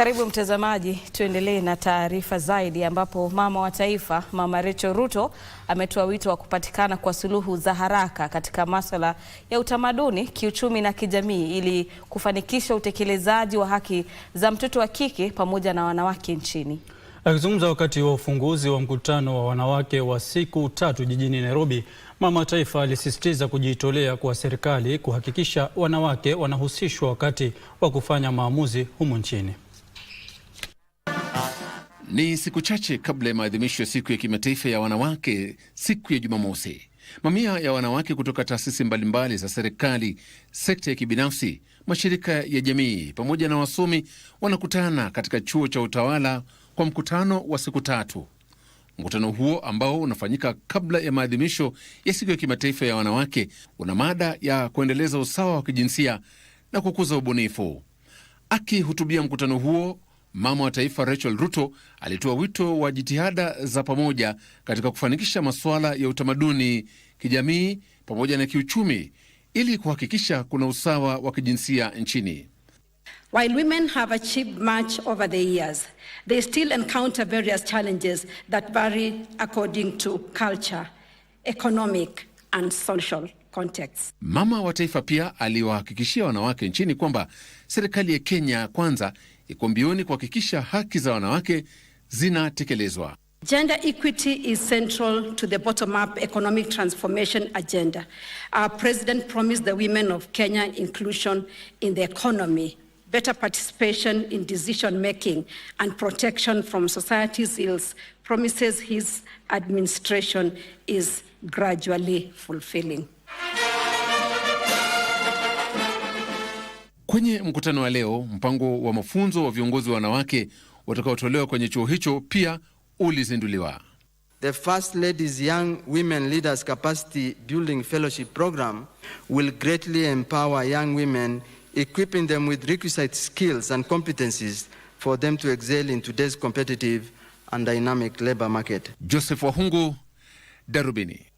Karibu mtazamaji, tuendelee na taarifa zaidi ambapo mama wa taifa Mama Rachel Ruto ametoa wito wa kupatikana kwa suluhu za haraka katika masuala ya utamaduni, kiuchumi na kijamii ili kufanikisha utekelezaji wa haki za mtoto wa kike pamoja na wanawake nchini. Akizungumza wakati wa ufunguzi wa mkutano wa wanawake wa siku tatu jijini Nairobi, mama wa taifa alisisitiza kujitolea kwa serikali kuhakikisha wanawake wanahusishwa wakati wa kufanya maamuzi humu nchini. Ni siku chache kabla ya maadhimisho ya siku ya kimataifa ya wanawake, siku ya Jumamosi, mamia ya wanawake kutoka taasisi mbalimbali za serikali, sekta ya kibinafsi, mashirika ya jamii pamoja na wasomi wanakutana katika chuo cha utawala kwa mkutano wa siku tatu. Mkutano huo ambao unafanyika kabla ya maadhimisho ya siku ya kimataifa ya wanawake una mada ya kuendeleza usawa wa kijinsia na kukuza ubunifu. Akihutubia mkutano huo Mama wa Taifa Rachel Ruto alitoa wito wa jitihada za pamoja katika kufanikisha masuala ya utamaduni, kijamii pamoja na kiuchumi ili kuhakikisha kuna usawa wa kijinsia nchini. While women have achieved much over the years, they still encounter various challenges that vary according to culture, economic and social contexts. Mama wa Taifa pia aliwahakikishia wanawake nchini kwamba serikali ya Kenya Kwanza iko mbioni kuhakikisha haki za wanawake zinatekelezwa. Gender equity is central to the bottom-up economic transformation agenda. Our president promised the women of Kenya inclusion in the economy, better participation in decision making and protection from society's ills, promises his administration is gradually fulfilling. Kwenye mkutano wa leo, mpango wa mafunzo wa viongozi wa wanawake watakaotolewa kwenye chuo hicho pia ulizinduliwa. The First Lady's Young Women Leaders Capacity Building Fellowship Program will greatly empower young women, equipping them with requisite skills and competencies for them to excel in today's competitive and dynamic labor market. Joseph Wahungu, Darubini.